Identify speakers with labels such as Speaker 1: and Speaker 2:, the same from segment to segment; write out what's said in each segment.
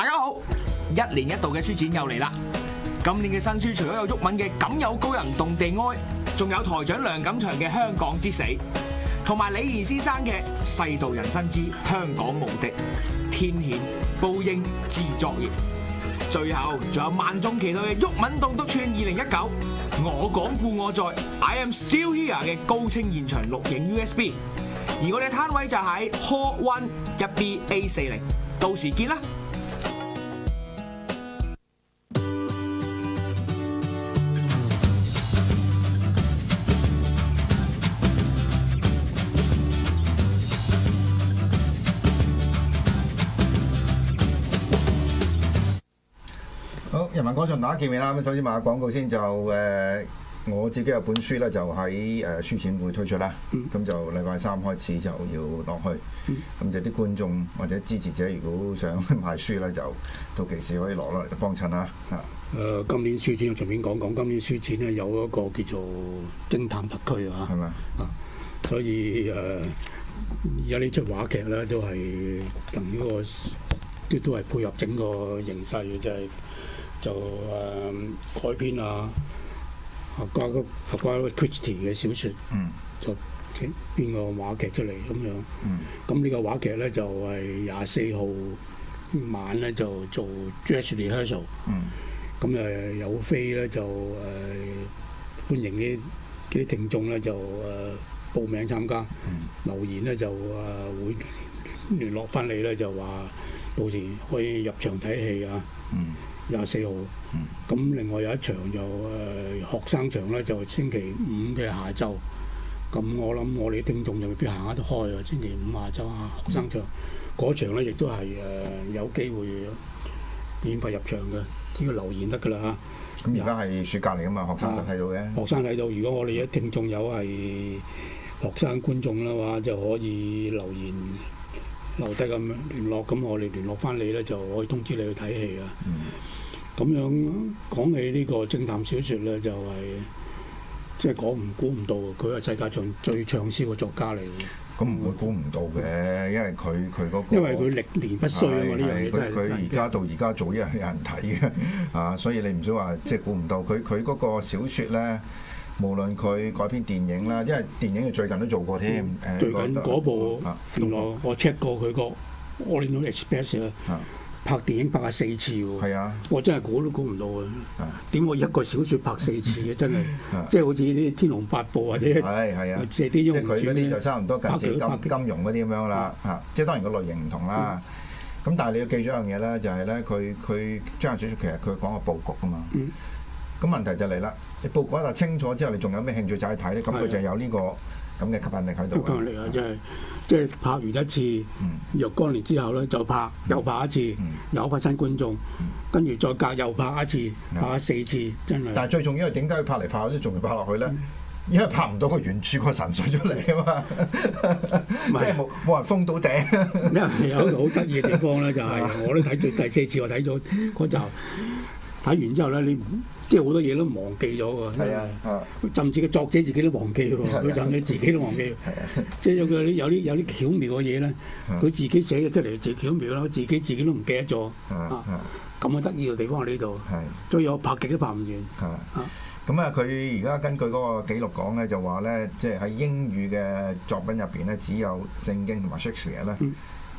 Speaker 1: 大家好，一年一度嘅書展又嚟啦。今年嘅新書除咗有毓民嘅《敢有高人動地哀》，仲有台長梁錦祥嘅《香港之死》，同埋李怡先生嘅《世道人生之香港無敵天譴報應之作業》。最後仲有萬眾期待嘅《毓民棟篤串二零一九》，我講故我在，I am still here 嘅高清現場錄影 U S B。而我哋嘅攤位就喺 Hall One 一 B A 四零，到時見啦。嗱，見面啦！咁首先賣下廣告先，就誒、呃、我自己有本書咧，就喺誒書展會推出啦。咁、嗯、就禮拜三開始就要落去。咁、嗯、就啲觀眾或者支持者，如果想買書咧，就到時可以攞落嚟幫襯嚇。誒、
Speaker 2: 呃，今年書展隨便講講，今年書展咧有一個叫做偵探特區啊，係咪嗎？啊，所以誒，而家呢出話劇咧都係同呢個都都係配合整個形勢嘅，就係、是。就誒、啊、改編啊，啊加個啊加 Christie 嘅小説，就編個話劇出嚟咁樣。咁呢個話劇咧就係廿四號晚咧就做 dress rehearsal，咁誒有飛咧就誒歡迎啲啲聽眾咧就誒、啊、報名參加，嗯、留言咧就誒、啊、會聯絡翻你咧，就話到時可以入場睇戲啊。嗯廿四號，咁、嗯、另外有一場就誒、呃、學生場咧，就星期五嘅下晝。咁我諗我哋聽眾未必行得開啊！星期五下晝啊，學生場嗰場咧亦都係誒有機會免費入場嘅，只要留言得㗎啦嚇。
Speaker 1: 咁而家係暑假嚟㗎嘛，學生就睇到嘅。學生
Speaker 2: 睇到，如果我哋嘅聽眾有係學生觀眾啦，嘅話就可以留言留低咁聯絡，咁我哋聯絡翻你咧，就可以通知你去睇戲啊。嗯咁樣講起呢個偵探小説咧，就係即係講唔估唔到嘅。佢係世界上
Speaker 1: 最暢銷嘅作家嚟嘅，咁唔會估唔到嘅，因為佢佢嗰個因為佢歷年不衰喎，呢樣嘢真係唔同。佢而家到而家做一樣係有人睇嘅啊，所以你唔使話即係估唔到。佢佢嗰個小説咧，無論佢改編電影啦，因為電影佢最近都做過添。誒，最近嗰部原來
Speaker 2: 我 check 過佢個《Orient Express》啊。拍電影拍啊四次喎，啊、我真係估都估唔到啊！點會一個小説拍四次嘅真係，啊、即係好似啲《天龍八部》啊，啲庸主咧。即係佢嗰啲就差唔多近似
Speaker 1: 金融嗰啲咁樣啦，嚇！即係當然個類型唔同啦。咁、嗯、但係你要記住一樣嘢咧，就係、係、咧，佢佢將小説其實佢講個佈局㗎嘛。咁、嗯、問題就嚟啦，你佈局得清楚之後，你仲有咩興趣走去睇咧？咁佢就有呢、呢個。咁嘅吸引力喺度啊！吸
Speaker 2: 引力啊，即係即係拍完一次，若干年之後咧就拍，又拍一次，嗯、又一批新觀眾，跟住、嗯、再隔又拍一次，拍
Speaker 1: 四次真係。但係最重要係點解拍嚟拍，拍去都仲未拍落去咧？嗯、因為拍唔到個原著個神髓出嚟啊嘛，即冇冇人封到頂。 因為有一個好
Speaker 2: 得意嘅地方咧，就係我都睇最第四次我睇咗嗰集，睇完之後咧你，你即係好多嘢都忘記咗喎，甚至個作者自己都忘記喎，有你自己都忘記。即係有啲有啲有啲巧妙嘅嘢咧，佢自己寫嘅出嚟自己巧妙咯，佢自己自己都唔記得咗。啊，咁啊得意嘅地方喺呢度。再有拍
Speaker 1: 極都拍唔完。啊，咁啊，佢而家根據嗰個記錄講咧，就話咧，即係喺英語嘅作品入邊咧，只有聖經同埋 Shakespeare 咧。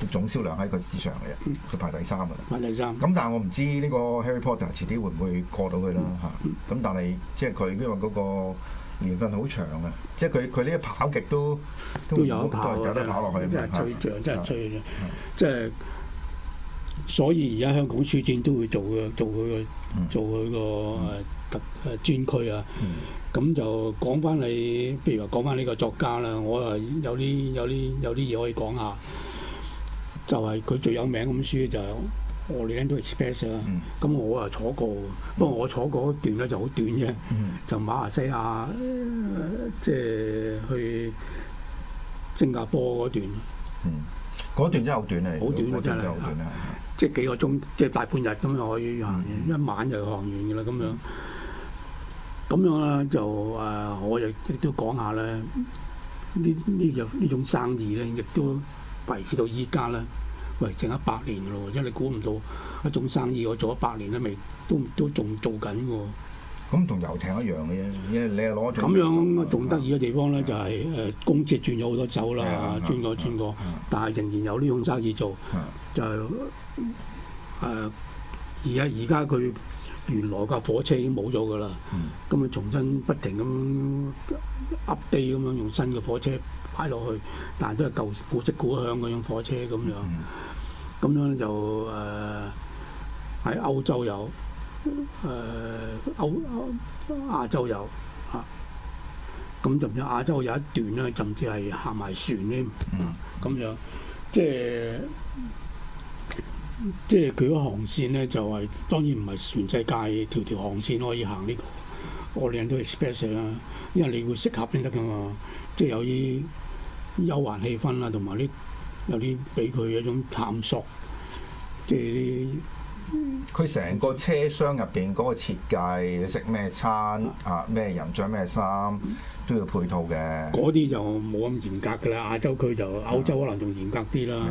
Speaker 1: 總銷量喺佢之上嘅，佢排第三嘅。排第三咁，但係我唔知呢個 Harry Potter 遲啲會唔會過到佢啦嚇。咁但係即係佢呢個嗰個年份好長嘅，即係佢佢呢個跑極都都有得跑落去。係最最即
Speaker 2: 係。所以而家香港書展都會做嘅，做佢做佢個特誒專區啊。咁就講翻你，譬如話講翻呢個作家啦，我係有啲有啲有啲嘢可以講下。就係佢最有名咁書就、Orient Express, 嗯、我哋都係 special 啦，咁我啊坐過，不過我坐嗰段咧就好短嘅，就馬來西亞、呃、即係去新加坡嗰段。
Speaker 1: 嗰、嗯、段真係好短好短啊！真係，
Speaker 2: 即係幾個鐘，即係大半日咁樣可以行完，嗯、一晚就行完㗎啦咁樣。咁樣咧就誒、呃，我又亦都講下咧，呢呢就呢種生意咧亦都。維持到依家啦，喂，剩一百年嘅咯，因為你估唔到一種生意，我做一百年都未都都仲做緊
Speaker 1: 嘅、啊。咁同油艇一樣嘅啫，你又攞咁樣
Speaker 2: 仲得意嘅地方咧、就是，就係誒公司轉咗好多手啦，嗯、轉過轉過，嗯、但係仍然有呢種生意做，嗯、就誒而家而家佢原來架火車已經冇咗嘅啦，咁咪重新不停咁 update 咁樣用新嘅火車，擺落去，但係都係舊古色古香嗰種火車咁樣，咁樣就誒喺、呃、歐洲有，誒、呃、歐亞洲有嚇，咁就唔知亞洲有一段咧，甚至係行埋船添，咁樣即係即係佢嗰航線咧，就係、是、當然唔係全世界條條航線可以行呢、這個，我哋人都 experience 啦，因為你會適合先得噶嘛，即係有啲。幽環氣氛啦，同埋啲有啲俾佢一種探索，
Speaker 1: 即係啲。佢成個車廂入邊嗰個設計，食咩餐是的 啊，咩人着咩衫都要配套嘅。嗰啲就冇咁嚴格㗎啦，亞洲區
Speaker 2: 就歐洲可能
Speaker 1: 仲嚴格啲啦。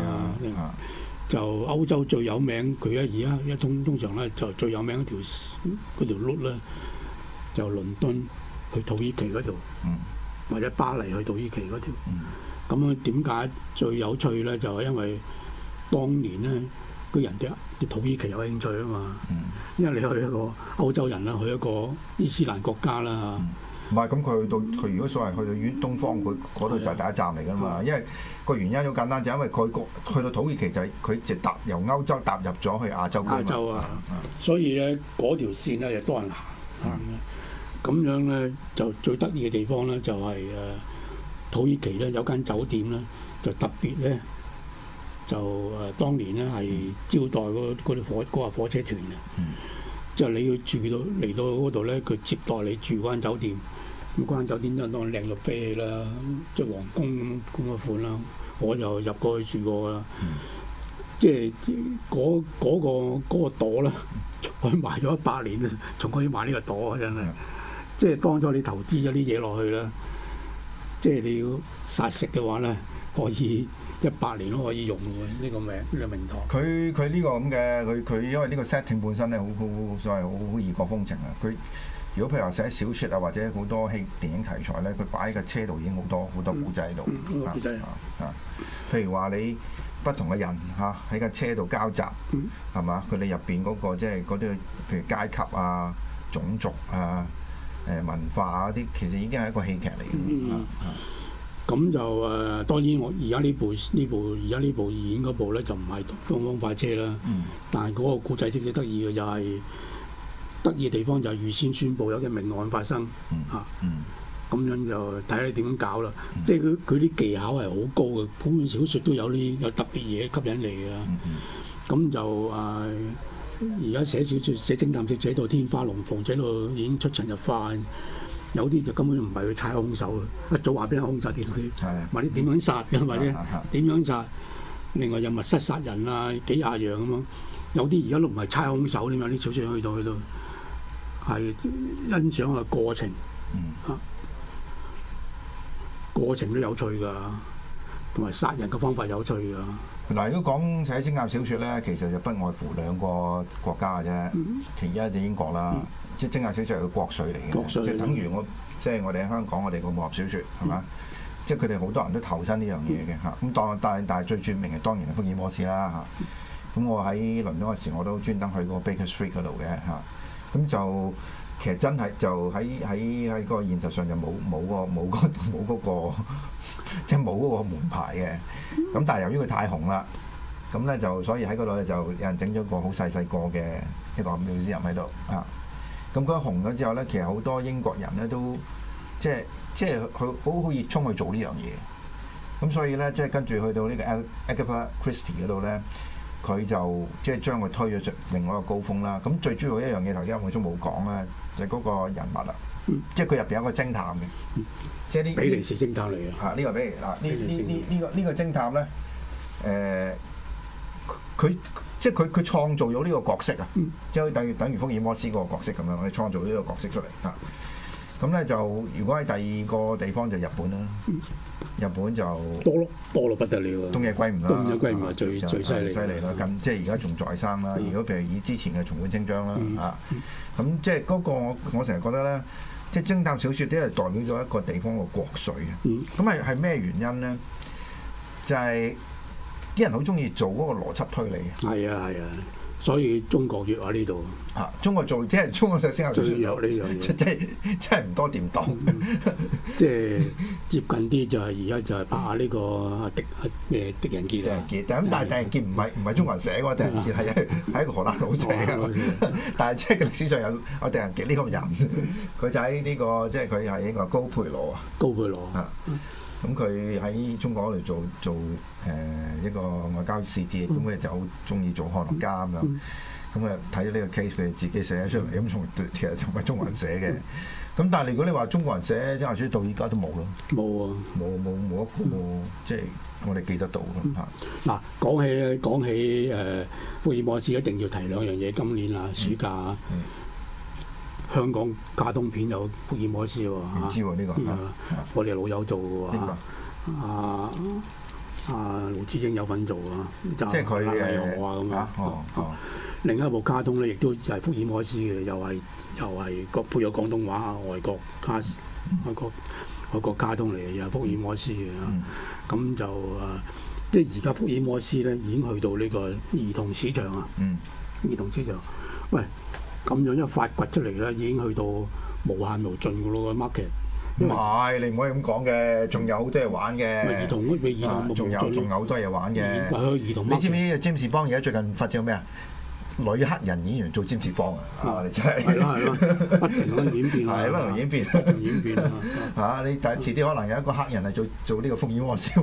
Speaker 2: 就歐洲最有名，佢一而家一通通常咧就最有名一條嗰條路咧，就倫敦去土耳其嗰條的，或者巴黎去土耳其嗰條。咁樣點解最有趣咧？就係、是、因為當年咧，啲人啲對土耳其有興趣啊嘛。嗯。因為你去一個歐洲人啦，去一個伊斯蘭國家啦。
Speaker 1: 唔係、嗯，咁佢去到佢如果所謂去到遠東方，佢嗰度就係第一站嚟㗎嘛。啊、因為個原因好簡單，就係、是、因為佢去到土耳其就係佢直達由歐洲踏入咗去亞洲亞洲啊，啊啊所以咧嗰條線咧就多人
Speaker 2: 行。行咁、啊嗯、樣咧就最得意嘅地方咧就係、是、誒。土耳其咧有間酒店咧，就特別咧，就誒當年咧係招待嗰啲、嗰個、火嗰、嗰個火車團嘅。嗯、即係你要住到嚟到嗰度咧，佢接待你住嗰間酒店。咁、嗰、間、個、酒店就當靚到飛起啦，即係皇宮咁咁嘅款啦。我又入過去住過啦。嗯、即係嗰嗰個嗰、嗰個朵咧，可以賣咗一百年，仲可以賣呢個朵真係。即係當初你投資咗啲嘢落去啦。即係你要殺食嘅話咧，可以一百年都可以用呢、呢個名呢、呢個名
Speaker 1: 堂。佢佢呢個咁嘅，佢佢因為呢個 setting 本身咧，好好所謂好好異國風情啊。佢如果譬如話寫小説啊，或者好多戲電影題材咧，佢擺喺個車度已經好多好多古仔喺度。古仔、嗯嗯嗯、啊、嗯嗯！啊，譬如話你不同嘅人嚇喺個車度交集，係嘛、嗯？佢哋入邊嗰個即係嗰啲譬如階級啊、種族啊。誒，文化嗰啲其實已經係一個戲劇嚟嘅。
Speaker 2: 咁就，誒，當然我而家呢部呢部而家呢部演嗰部咧就唔係《東方快車》啦。但係嗰個故仔啲嘢得意嘅就係得意嘅地方就係預先宣佈有啲命案發生。嗯。咁，嗯啊，樣就睇你點搞啦。即係佢佢啲技巧係好高嘅，普遍小説都有啲有特別嘢吸引你㗎，嗯。嗯咁，嗯、就誒。啊而家寫小說寫偵探小寫到天花龍鳳，寫到已經出塵入化。有啲就根本唔係去猜凶手，一早話俾人兇殺啲。係，或者點樣殺，或者點樣殺。另外又密室殺人啊，幾廿樣咁樣。有啲而家都唔係猜凶手，啲嘛啲小說去到去到，係欣賞嘅過程。嗯。嚇，過
Speaker 1: 程都有趣㗎，同埋殺人嘅方法有趣㗎。嗱，如果講寫偵探小説咧，其實就不外乎兩個國家嘅啫，嗯、其一就英國啦，即係偵探小説係個國粹嚟嘅，即係等於我、嗯、即係我哋喺香港，我哋個武俠小説係嘛，嗯、即係佢哋好多人都投身呢樣嘢嘅嚇，咁當、嗯、但係但係最著名嘅當然係福爾摩斯啦嚇，咁、嗯、我喺倫敦嗰時我都專登去過 Baker Street 嗰度嘅嚇，咁就。其實真係就喺喺喺個現實上就冇冇、嗰個冇、嗰個冇嗰個即係冇嗰個門牌嘅。咁但係由於佢太紅啦，咁咧就所以喺嗰度咧就有人整咗個好細細個嘅一個 museum 喺度啊。咁佢一紅咗之後咧，其實好多英國人咧都即係即係佢好好熱衷去做呢樣嘢。咁所以咧，即係跟住去到個 A，呢個 Agatha Christie 度咧。佢就即係將佢推咗出另外一個高峰啦。咁最主要一樣嘢，頭先阿我都冇講啦，就嗰、是、個人物啦，嗯、即係佢入邊有個偵探嘅，嗯、即係這啲比利時偵探嚟嘅。嚇、啊！呢個比利嗱，呢呢呢呢個呢個偵探咧，誒、啊，佢即係佢佢創造咗呢個角色啊，即係、嗯嗯、等於等於福爾摩斯嗰個角色咁樣，佢創造咗呢個角色出嚟嚇。啊。咁咧就，如果喺第二個地方就日本啦，日本就多咯，多咯，不得了，啊！東野圭吾啦，東野圭吾最最犀利啦，咁即係而家仲在生啦。如果譬如以之前嘅《松本清張》啦，啊，咁即係嗰個我我成日覺得咧，即係偵探小説都係代表咗一個地方嘅國粹嘅，咁係係咩原因咧？就係啲人好中意做嗰個邏輯推理，
Speaker 2: 係啊係啊。所以中國弱喺呢度。
Speaker 1: 嚇、啊，中國做即係中國寫先有呢樣嘢，即即即係唔多掂
Speaker 2: 當。即係接近啲就係而家就係拍下呢個阿狄阿誒狄仁傑狄仁
Speaker 1: 傑，但係狄仁傑唔係唔係中文寫嘅喎，狄仁傑係係一個荷蘭佬寫、啊、但係即係歷史上有阿狄仁傑呢個人，佢 就喺呢、呢個即係佢係呢個高佩羅啊。高佩羅啊。嗯咁佢喺中國嗰度做做誒一個外交事節，咁佢、嗯、就好中意做漢家咁樣，咁啊睇咗呢個 case 佢自己寫咗出嚟，咁從、嗯、其實從咪中文寫嘅，咁、嗯、但係如果你話中國人寫啲文章到而家都冇咯，冇啊，冇冇冇一個即係、嗯、我哋記得到咯嚇。
Speaker 2: 嗱、嗯、講起講起誒福爾摩斯一定要提兩樣嘢，嗯、今年啊暑假啊。嗯嗯香港卡通片有福爾摩斯喎，唔知呢個，我哋老友做嘅喎，啊啊盧子英有份做啊，即係佢嘅嚇，另一部卡通咧，亦都係福爾摩斯嘅，又係又係個配有廣東話啊外國卡外國外國卡通嚟嘅，又係福爾摩斯嘅，咁就啊，即係而家福爾摩斯咧已經去到呢個兒童市場啊，兒童市場，喂。咁樣一發掘出嚟咧，已
Speaker 1: 經去到無限無盡噶咯喎 market。唔係，你唔可以咁講嘅，仲有好多嘢玩嘅。兒童嗰邊，兒童仲有仲有好多嘢玩嘅。兒童，你知唔知 James 邦而家最近發展咩啊？女黑人演員做 James 邦啊！係啊係啊，不停咁演變啊！不停演變，演變啊！你，但係遲啲可能有一個黑人係做做呢個瘋癲王小，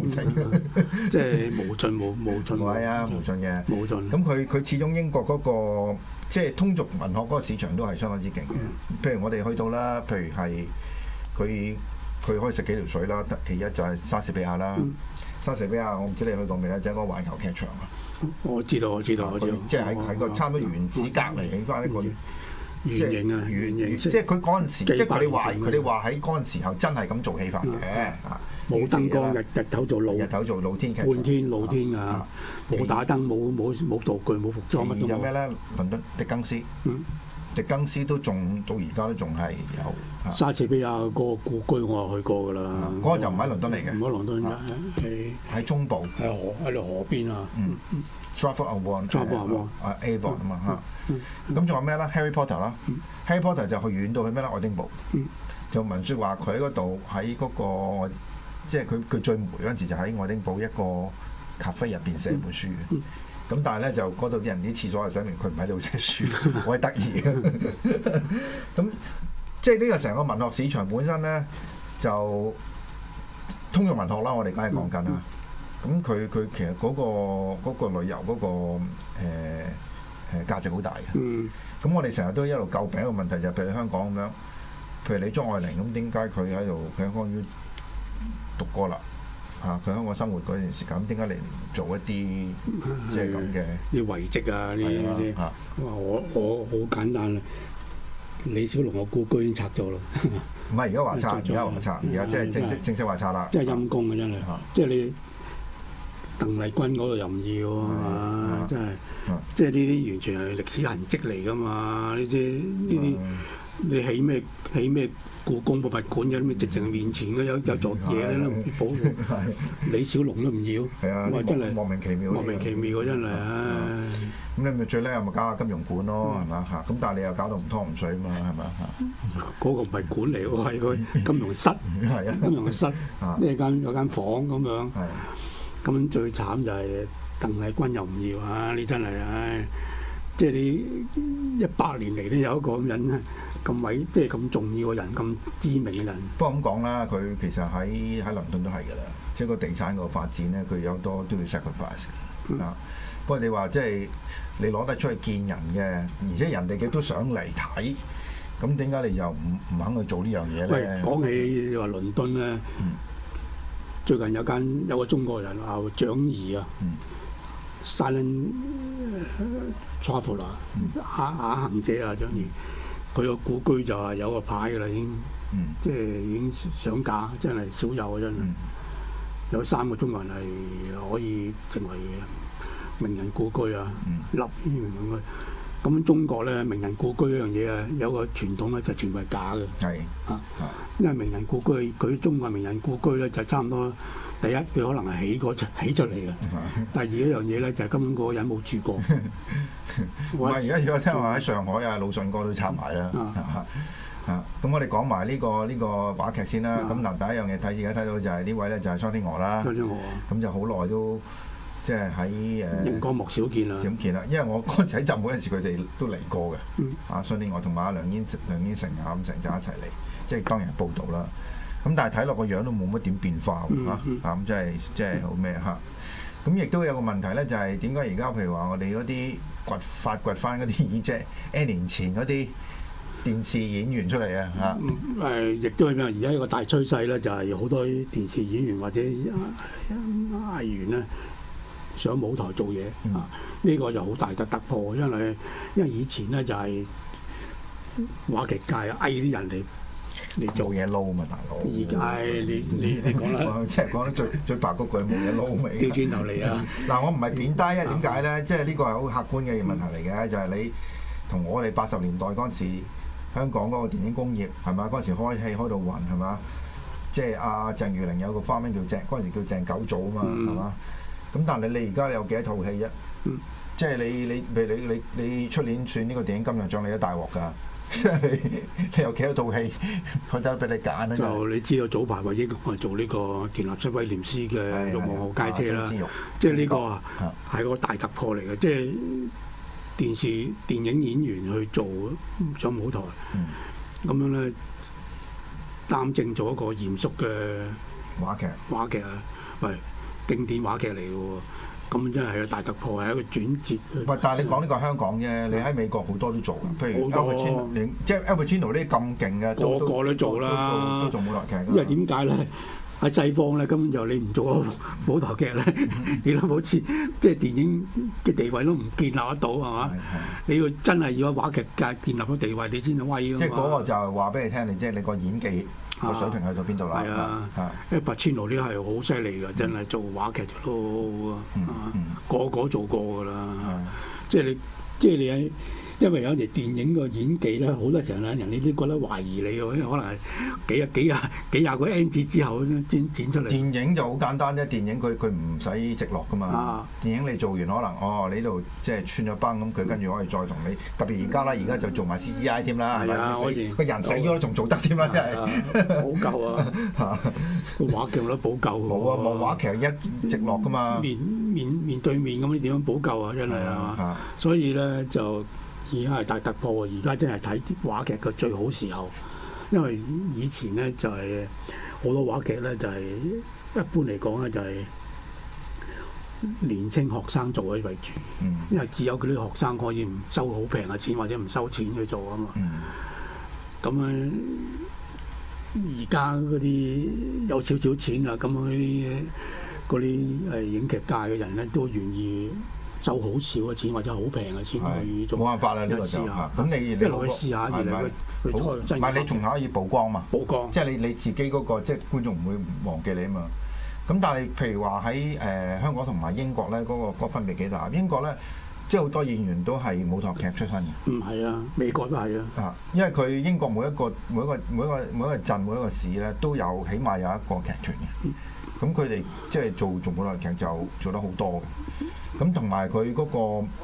Speaker 1: 即係無盡冇無盡。係啊，無盡嘅冇盡。咁佢佢始終英國嗰個。即係通俗文學嗰個市場都係相當之勁嘅，譬如我哋去到啦，譬如係佢佢可以食幾條水啦。其一就係莎士比亞啦，嗯、莎士比亞我唔知你去過未咧，就係、是、嗰個環球劇場啊。我知道我知道，即係喺喺個差唔多原址隔離起翻一個原型啊，原型。即係佢嗰陣時，即係佢哋話，佢哋話喺嗰陣時候真係咁做戲法嘅啊。嗯冇燈光，日日走做老日走做露天劇場，半天露天㗎，冇打燈，冇冇冇道具，冇服裝乜都冇。有咩咧？倫敦狄更斯，嗯，狄更斯都仲到而家都仲係有。
Speaker 2: 莎士比亞個故居我又去過㗎啦，嗰個就唔喺倫敦嚟
Speaker 1: 嘅，唔係倫敦㗎，喺喺中部，喺河喺河邊啊。嗯，Stratford upon，啊，Avon 啊，咁仲有咩咧？Harry Potter 啦，Harry Potter 就去遠到去咩咧？愛丁堡，就文説話佢喺嗰度喺嗰個。即係佢佢最黴嗰陣時，就喺愛丁堡一個咖啡入邊寫本書嘅。咁但係咧，就嗰度啲人啲廁所就寫明佢唔喺度寫書，好得意嘅。咁 即係呢個成個文學市場本身咧，就通用文學啦。我哋梗係講緊啦。咁佢佢其實嗰、嗰個嗰個旅遊嗰、嗰個誒誒、呃、價值好大嘅。咁、嗯、我哋成日都一路詬病一個問題，就係，就譬如香港咁樣，譬如你張愛玲咁點解佢喺度佢香港要？讀過啦，嚇！佢喺香港生活嗰段時間咁，點解你唔做一啲即係咁嘅
Speaker 2: 啲遺跡啊？呢啲先，我我好簡單啦。李小
Speaker 1: 龍嘅故居已經拆咗啦。唔係而家話拆，而家話拆，而家即係正式正式話拆啦。即係陰
Speaker 2: 公嘅真係，即係你鄧麗君嗰度又唔要啊！真係，即係呢啲完全係歷史痕跡嚟㗎嘛？呢啲呢啲。你起咩起咩故宮博物館，有咩直情面前嘅有有做嘢咧都唔知保護？李小龍都唔要，咁啊真係莫名其妙，莫名其
Speaker 1: 妙嗰，真係，咁你咪最叻又咪搞下金融館咯，係咪啊？咁但係你又搞到唔湯唔水啊嘛，係咪啊？嗰個唔係館嚟，我係個金融室，金融室，呢間
Speaker 2: 有間房咁樣，咁最慘就係鄧麗君又唔要啊！你真係唉，即係你一百年嚟都有一個咁樣。咁位
Speaker 1: 即係咁重要嘅人，咁知名嘅人。不過咁講啦，佢其實喺喺倫敦都係㗎啦。即係個地產個發展咧，佢有多都要 sacrifice 啊。嗯、不過你話即係你攞得出去見人嘅，而且人哋亦都想嚟睇。咁點解你就唔唔肯去做呢樣嘢咧？喂，講
Speaker 2: 起話倫敦咧，嗯、最近有間有個中國人啊，蔣彝啊，Silent Traveller，啞啞行者啊，蔣彝。佢個故居就係有個牌噶啦，已經，嗯、即係已經上架，真係少有啊！真係，嗯、有三個中國人係可以成為名人故居啊，嗯、立於名人內。咁中國咧名人故居一樣嘢啊，有個傳統咧就全部係假嘅。係是因為名人故居，佢中國名人故居咧就差唔多，第一佢可能係起過起出嚟嘅； 第二一樣嘢咧就係、是、根本嗰個人冇住
Speaker 1: 過。唔而家而家聽話喺上海啊、魯迅哥都插埋啦。啊、 這個，咁我哋講埋呢個呢個話劇先啦。咁嗱 第一樣嘢睇而家睇到就係呢位咧就係商天娥啦。商天娥，咁就好耐都。即係喺誒，熒光幕少見啦，少見啦。因為我嗰陣時喺浸會嗰時，佢哋都嚟過嘅。嗯、啊，所以我同梁英、梁英成啊咁成就一齊嚟，即係當日報道啦。咁但係睇落個樣都冇乜點變化喎咁、嗯嗯啊、即係即係好咩嚇？咁、嗯、亦、嗯、都有個問題咧，就係點解而家譬如話我哋嗰啲掘發掘翻嗰啲一年前嗰啲電視演員出嚟啊
Speaker 2: 嚇？誒、嗯，亦、呃、都係咪而家有個大趨勢咧？就係好多電視演員或者，或者藝、藝員咧。上舞台做嘢啊！呢、這個就好大嘅突破，因為因為以前咧就係話劇界
Speaker 1: 嗌啲人嚟嚟做嘢撈嘛，大佬。而家你你你講啦，即係講得最最白嗰句冇嘢撈咪。調轉頭嚟啊！嗱， 我唔係貶低啊！點解咧？即係呢個係好客觀嘅問題嚟嘅，就係、是、你同我哋八十年代嗰時香港嗰個電影工業係、啊、嘛？嗰時開戲開到暈係嘛？即係阿鄭裕玲有個花名叫鄭，嗰陣時叫鄭九祖啊嘛，係嘛？咁但係你、嗯、你而家有幾多套戲啫？即係你你譬如你你你出年算呢個電影金像獎你，你 都大鑊㗎，即係你有幾多套戲，佢得俾你揀啊嘛。就
Speaker 2: 你知道早排華英共做呢個《田納西威廉斯》嘅《欲望號街車》啦，即係呢個係個大突破嚟嘅，即係電視電影演員去做上舞台，咁、嗯、樣咧擔正咗一個嚴肅嘅話劇話劇啊，喂！經典話劇嚟嘅喎，咁真係係個大突破，係一個轉折。
Speaker 1: 喂，但係你講呢個香港啫，你喺美國好多都做啦。譬如 Albert Chin，你即係 Albert Chin 嗰啲咁勁嘅，個個
Speaker 2: 都做啦。都做舞台劇，因為點解咧？阿細方咧，根本就你唔做舞台劇咧，你都好似即係電影嘅地位都唔建立得到，係嘛？你要真係要喺話劇界建立個地位，你先威㗎嘛。即係嗰個就
Speaker 1: 係話俾你聽，你即係你個演技。個水平去到邊度啦？係啊，嗯、因為白千羅呢係
Speaker 2: 好犀利㗎，真係做話劇都個個做過㗎啦、嗯，即係你，即係你喺。因為有時電影個演技咧，好多時候咧，人你都覺得懷疑你，因可能係幾啊幾啊幾廿個 N 字之後先剪出嚟。電
Speaker 1: 影就好簡單啫，電影佢佢唔使直落噶嘛。電影你做完可能哦，你呢度即係穿咗崩咁，佢跟住可以再同你。特別而家啦，而家就做埋 C G I 添啦，係咪啊？可以個人死咗仲做得添啦，
Speaker 2: 真係補救啊！話劇都補救。冇啊，冇話劇一直落噶嘛。面面面對面咁，你點樣補救啊？真係啊！所以咧就。而家係大突破，而家真係睇啲話劇嘅最好時候，因為以前呢、就是，就係好多話劇呢、就是，就係一般嚟講呢，就係年輕學生做嘅為主，因為只有佢啲學生可以唔收好平嘅錢或者唔收錢去做啊嘛。咁啊，而家嗰啲有少少錢啊，咁嗰啲嗰啲誒影劇界嘅人呢，都願意。收好少嘅錢
Speaker 1: 或者好平嘅錢的去做，冇辦法啦。呢個就咁你你一去試一下，然後唔係你仲可以曝光嘛？曝光，即係你你自己嗰個即係觀眾唔會忘記你啊嘛。咁但係譬如話喺誒香港同埋英國咧，嗰個嗰分別幾大？英國咧即係好多演員都係舞台劇出身嘅。唔係啊，美國都係啊。啊，因為佢英國每一個每一個每一個每一個鎮每一個市咧都有起碼有一個劇團嘅。咁佢哋即係做做舞台劇就做得好多嘅，咁同埋佢嗰個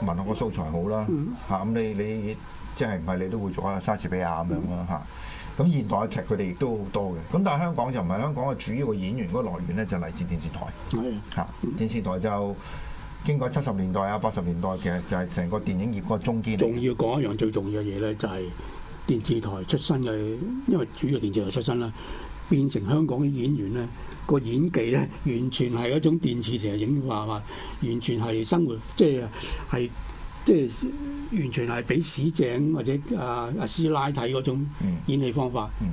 Speaker 1: 文學嘅素材好啦，嚇咁、嗯啊、你你即係唔係你都會做下莎士比亞咁樣啦嚇。咁、嗯啊、現代嘅劇佢哋亦都好多嘅，咁但係香港就唔係香港嘅主要嘅演員嗰個來源咧，就嚟自電視台。係嚇、嗯啊，電視台就經過七十年代啊、八十年代，嘅，實就係、是、成個電影業嗰個中堅。仲要講一樣最重要嘅嘢咧，就係、是。電視台出身
Speaker 2: 嘅，因為主要電視台出身啦，變成香港嘅演員咧、個演技咧完全係一種電視成日影話話，完全係生活即係係即係完全係俾市井或者啊啊師奶睇嗰種演戲方法。嗰、嗯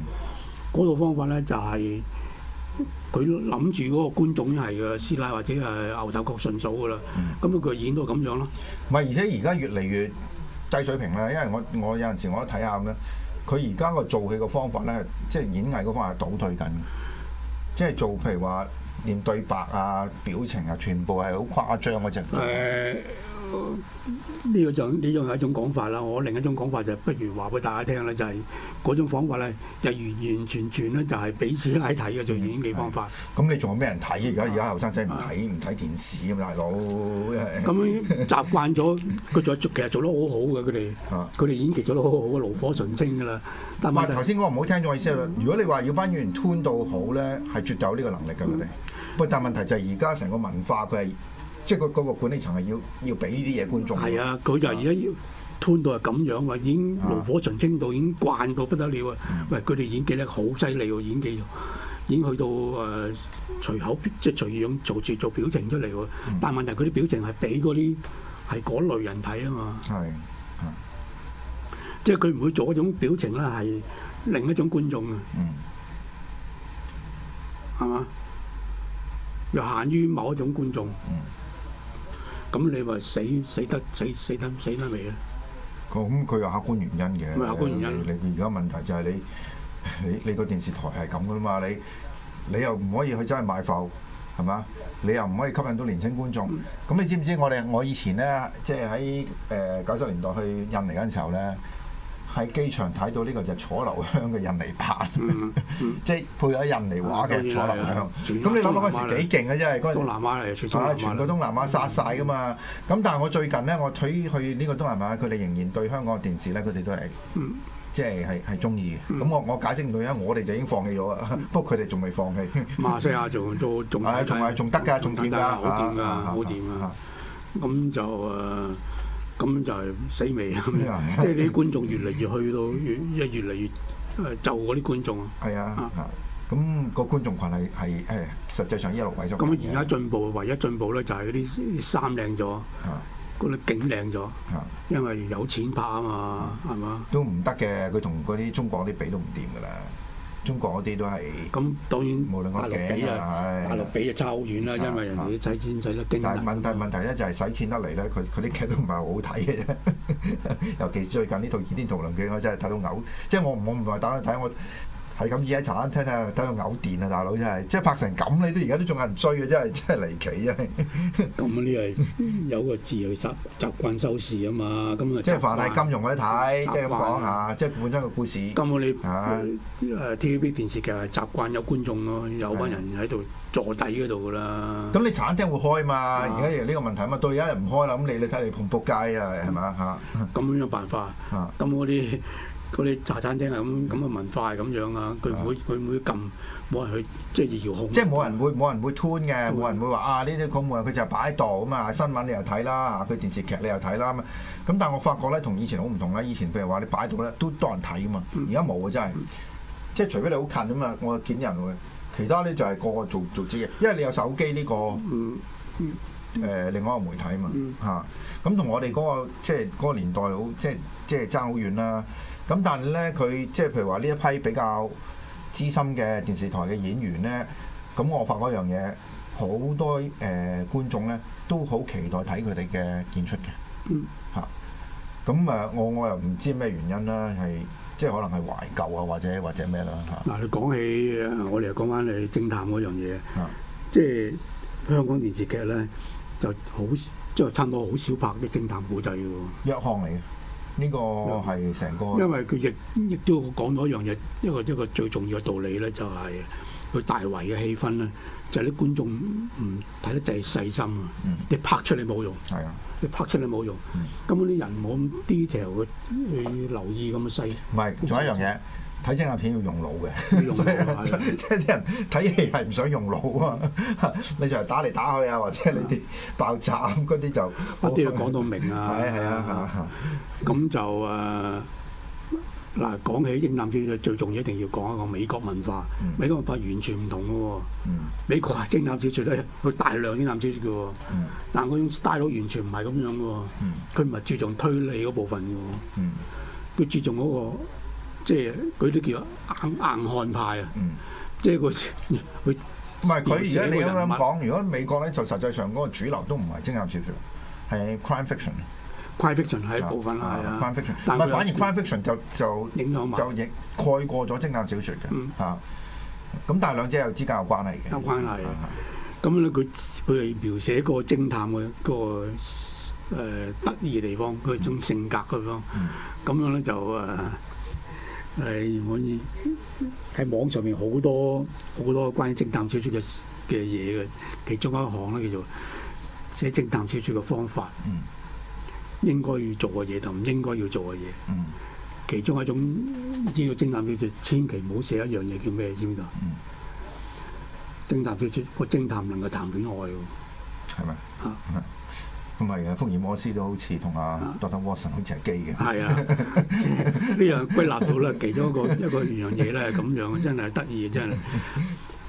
Speaker 2: 嗯、套方法咧就係佢諗住嗰個
Speaker 1: 觀眾係個師奶或者係牛頭角順嫂噶啦，咁佢演到咁樣咯。唔係，而且而家越嚟越低水平啦，因為我我有陣時我都睇下咁樣，佢而家個做戲個方法咧，即係演藝嗰方面係倒退緊，即係做譬如話練對白啊、表情啊，全部係好誇張嗰隻。呃
Speaker 2: 呢個就呢種係一種講法啦。我另一種講法就係不如話俾大家聽啦。就係、是、嗰種講法咧，就完完全全咧就係俾錢睇睇嘅，就、嗯、演技方法。
Speaker 1: 咁、嗯嗯、你仲有咩人睇？而家而家後生仔唔睇唔睇電視，大佬。咁樣習慣咗，佢做其實做得好好嘅，佢哋。佢哋演技做得好好，爐火純青嘅啦。唔係頭先我唔、就、好、是、聽，我意思係，如果你話要班啲人到好咧，係絕對有呢個能力嘅佢哋。不過、嗯、但問題就係而家成個文化佢係。即係佢嗰個管理層係要要俾呢啲嘢觀眾。係
Speaker 2: 啊，佢就而家要推到係咁樣喎，已經爐火純青到，已經慣到不得了啊！喂，佢哋演技咧好犀利喎，演技已經去到誒隨口即係隨意咁做住做表情出嚟喎。但係問題佢啲表情係俾嗰啲係嗰類人睇啊嘛。係，啊，即係佢唔會做一種表情啦，係另一種觀眾啊。嗯。係嘛？侷限於某一種觀眾。嗯。咁你話死死得死
Speaker 1: 死得死得未咧？咁佢有客觀原因嘅，客觀原因。你而家問題就係你，你你個電視台係咁噶啦嘛，你你又唔可以去真係賣埠，係嘛？你又唔可以吸引到年輕觀眾。咁、嗯、你知唔知我哋我以前咧，即係喺誒九十年代去印尼嗰陣時候咧？喺機場睇到呢個就楚留香嘅印尼拍，即係配咗印尼話嘅楚留香。咁你諗下嗰時幾勁啊！因係嗰時東南亞全個東南亞殺晒噶嘛。咁但係我最近呢，我睇去呢個東南亞，佢哋仍然對香港電視呢，佢哋都係即係係係中意。咁我我解釋唔到，因為我哋就已經放棄咗啊。不過佢哋仲未放棄。馬西亞
Speaker 2: 仲仲仲仲得㗎，仲掂㗎，好掂㗎，咁就誒。咁就係死味咁、嗯、即係啲觀眾越嚟越去到越一 越嚟越就嗰啲觀眾。係
Speaker 1: 啊，咁個觀眾群係係誒實際上一路萎縮。咁而家
Speaker 2: 進步，唯一進步咧就係嗰啲衫靚咗，嗰啲、啊、景靚咗，啊、因為有錢拍
Speaker 1: 啊嘛，係嘛、嗯？吧都唔得嘅，佢同嗰啲中國啲比都唔掂㗎啦。中國嗰啲都係，咁當然，大陸、啊、比啊，係、啊，大陸比就
Speaker 2: 差好遠啦、啊，啊、因為人哋啲使
Speaker 1: 錢使得精啦、啊。但係問題咧就係使錢得嚟咧，佢佢啲劇都唔係好好睇嘅啫。 尤其最近呢套《倚天屠龍記》，我真係睇到嘔。即係我我唔係打去睇我。我係咁，而喺茶餐廳睇睇到嘔電啊！大佬真係，即係拍成咁，你都而家都仲係唔衰嘅，真係真係離奇！啊。係。咁呢係
Speaker 2: 有個字去習習慣收視啊嘛。咁啊，即係凡係金融我都睇，即係咁講下，即係本身個故事。咁我哋誒 TVB 電視劇係習慣有觀眾咯、啊，有班人喺度坐底嗰
Speaker 1: 度㗎啦。咁你茶餐廳會開嘛？而家呢個問題啊嘛，到而家又唔開啦。咁你你睇你碰撲街啊，係咪啊嚇？咁樣嘅辦法。嚇。咁我哋。嗰啲茶餐廳係咁咁
Speaker 2: 嘅文化係咁樣啊！佢唔會佢唔是的 會撳，冇人去即係遙控。即係冇人
Speaker 1: 會冇人會 turn 嘅，冇對 人會話啊！呢啲嘅嘢佢就係擺喺度啊嘛！新聞你又睇啦，佢電視劇你又睇啦，咁但係我發覺咧，同以前好唔同啦。以前譬如話你擺喺度咧，都多人睇啊嘛。而家冇啊，真係！即係除非你好近啊嘛，我見人會。其他咧就係個個做做自己，因為你有手機呢、呢個，嗯、呃、另外一個媒體啊嘛嚇。咁同我哋嗰、嗰個即係嗰個年代好即係即係爭好遠啦。咁但係咧，佢即係譬如話呢一批比較資深嘅電視台嘅演員咧，咁我發覺嗰樣嘢，好多誒、呃、觀眾咧都好期待睇佢哋嘅演出嘅。嗯、啊。嚇！咁誒，我我又唔知咩原因啦，係即係可能係懷舊啊，或者或者咩啦嚇。
Speaker 2: 嗱，你講起我哋又講翻你偵探嗰樣嘢，啊、即係香港電視劇咧就好即係差唔多好少拍啲偵探古仔嘅
Speaker 1: 喎。一向嚟嘅。呢個又成個，因為佢
Speaker 2: 亦亦都講到一樣嘢，一個一個最重要嘅道理咧，就係佢大衞嘅氣氛咧，就係啲觀眾唔睇得制細心啊！嗯、你拍出嚟冇用，的你拍出嚟冇用，
Speaker 1: 咁嗰啲人冇咁 detail 去去留意咁嘅細。唔係，仲有一樣嘢。睇偵探片要用腦嘅，所以即係啲人睇戲係唔想用腦啊！你就係打嚟打去啊，或者你爆炸嗰啲就乜都要講到明啊。係啊係啊，嚇！
Speaker 2: 咁就誒嗱，講起偵探小說就最重要，一定要講一個美國文化。美國文化完全唔同嘅喎，美國啊偵探小說最多係佢大量偵探小說嘅喎，但係嗰種 style 完全唔係咁樣嘅喎，佢唔係注重推理嗰部分嘅喎，佢注重嗰個。即係佢都叫硬硬漢派啊！嗯，
Speaker 1: 即係佢佢唔係佢而家你咁樣講，如果美國咧就實際上嗰個主流都唔係偵探小説，係 crime fiction。crime fiction 係一部分係啊，crime fiction，但係反而 crime fiction 就就影響就亦蓋過咗偵探小説嘅嚇。咁但係兩者有之間有關係嘅，有關係。
Speaker 2: 咁咧佢佢係描寫個偵探嘅個誒得意嘅地方，佢種性格嘅地方，咁樣咧就誒。係，我喺網上面好多好多關於偵探小説嘅嘅嘢嘅，其中一項咧叫做寫偵探小説嘅方法。嗯，應該要做嘅嘢同唔應該要做嘅嘢。嗯，其中一種呢個偵探小説千祈唔好寫一樣嘢叫咩？知唔知邊度啊？嗯，偵探小説個偵探
Speaker 1: 能夠談戀愛㗎喎。係咪嗎？嚇、啊！咁咪福爾摩斯都好似同阿 Doctor Watson 好似係基嘅。係啊，呢樣歸納到咧，其中一個一個,一
Speaker 2: 個,一個樣嘢咧，咁樣真係得意嘅，真係。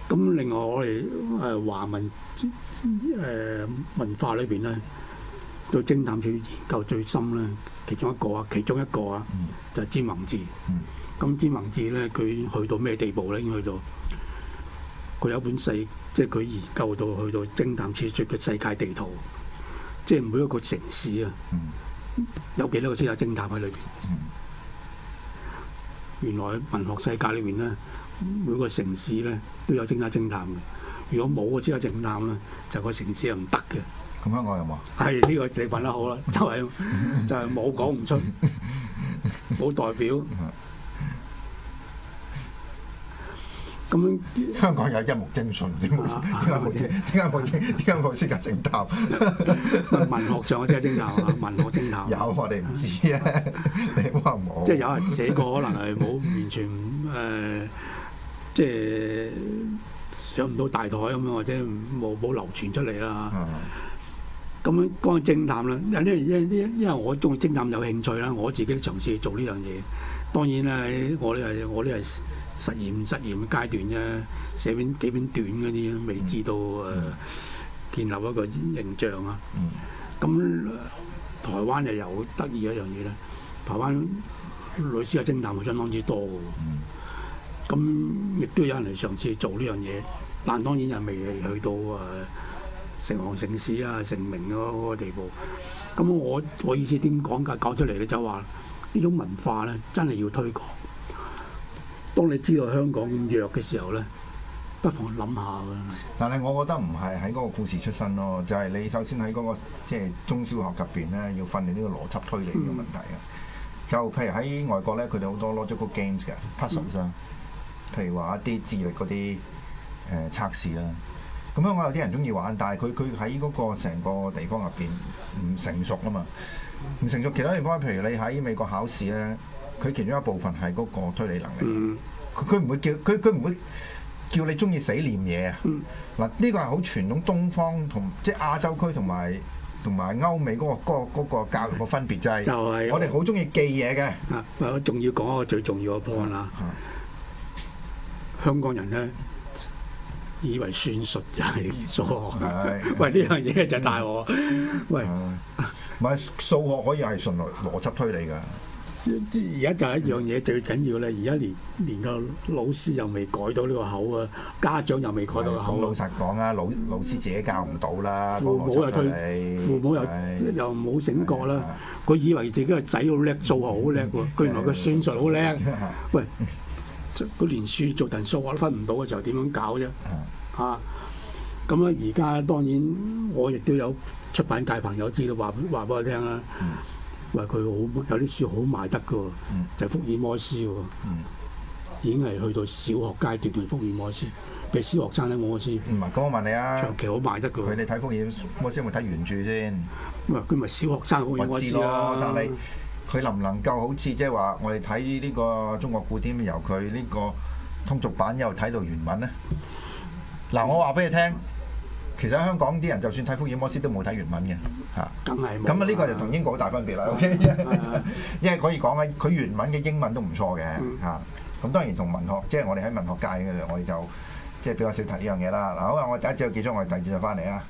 Speaker 2: 咁另外我哋誒、呃、華文誒、呃、文化裏邊咧，對偵探小說研究最深咧，其中一個啊，其中一個啊，就係、是、詹宏志。咁詹宏志咧，佢去到咩地步咧？應該去到，佢有本世，即係佢研究到去到偵探小說嘅世界地圖。即係每一個城市啊，嗯、有幾多個詩人偵探喺裏邊？嗯、原來文學世界裏面咧，每個城市咧都有偵探偵探嘅。如果冇個偵探偵探咧，嗯、就個城市係唔得嘅。
Speaker 1: 咁香港有冇
Speaker 2: 啊？係呢、呢個你問得好啦，就係、係、就係冇講唔出，冇 代表。
Speaker 1: 咁香港有一目精純啫嘛？點解冇精？點解冇精？點解冇精？噶偵探
Speaker 2: 文學上我知有偵探文學偵探
Speaker 1: 有我哋唔知啊，
Speaker 2: 你話冇？即係有人寫過，可能係冇完全誒，即係上唔到大台咁樣，或者冇冇流傳出嚟啦。咁樣講偵探啦，因為因因我中意偵探有興趣啦，我自己都嘗試做呢樣嘢。當然啦，我呢係我啲係實驗實驗階段啫，寫邊幾篇短嗰啲，未至到誒建立一個形象啊。咁台灣又有得意一樣嘢咧，台灣女作家嘅偵探會相當之多嘅。咁亦都有人嚟嘗試做呢樣嘢，但當然又未去到誒成行成市啊、成名個個地步。咁我我意思點講㗎？搞出嚟咧就話。呢種文化咧，真係要推廣。當你知道香港咁弱嘅時候咧，
Speaker 1: 不妨諗下㗎。但係我覺得唔係喺嗰個故事出身咯，就係、是、你首先喺嗰、那個即係、就是、中小學入面咧，要訓練呢個邏輯推理呢個問題啊。嗯、就譬如喺外國咧，佢哋好多 logic games 嘅 puzzles、嗯、譬如話一啲智力嗰啲誒測試啦。咁香港有啲人中意玩，但係佢佢喺嗰個成個地方入邊唔成熟啊嘛，唔成熟。其他地方譬如你喺美國考試咧，佢其中一部分係嗰個推理能力，佢佢唔會叫佢佢唔會叫你中意死念嘢啊。嗱，呢個係好傳統東方同即係亞洲區同埋同埋歐美嗰個嗰個嗰個教育個分
Speaker 2: 別就係。就係我哋
Speaker 1: 好中意記嘢嘅。
Speaker 2: 啊，仲要講個最重要嘅 point 啦。香港人咧。以為算術就係數學，喂！呢樣嘢就大鑊，
Speaker 1: 喂，唔係數學可以係純邏邏輯推理㗎。而家
Speaker 2: 就係一樣嘢最緊要咧，而家連連個老師又未改到呢個口啊，家長又未改到個口老實講啊，老老
Speaker 1: 師自己教唔到啦，父母又推，父母又
Speaker 2: 又冇醒覺啦，佢以為自己個仔好叻數學，好叻喎，原來佢算術好叻，喂。嗰連書做定數我都分唔到嘅時候點樣搞啫？嗯、啊，咁啊而家當然我亦都有出版界朋友知道話話俾我聽啦，話佢、嗯、好有啲書好賣得㗎，嗯、就係福爾摩斯喎，嗯、已經係去到小學階段嘅福爾摩斯，俾小學生睇福爾摩斯，唔係，咁、嗯、我問你啊，長
Speaker 1: 期好賣得㗎？佢哋睇福爾摩斯會睇原著先。唔係，佢咪小學生福爾摩斯啊？佢能唔能夠好似即係話我哋睇呢個中國古典由佢呢個通俗版又睇到原文咧？嗱，我話俾你聽，其實香港啲人就算睇《福爾摩斯》都冇睇原文嘅嚇。咁係。咁啊，呢個就同英國好大分別啦。O K.，因為可以講咧，佢原文嘅英文都唔錯嘅嚇。咁、嗯啊、當然同文學，即係我哋喺文學界嘅，我哋就即係比較少睇呢樣嘢啦。嗱，好啊，我第一節就記住我哋第二節就返嚟啊。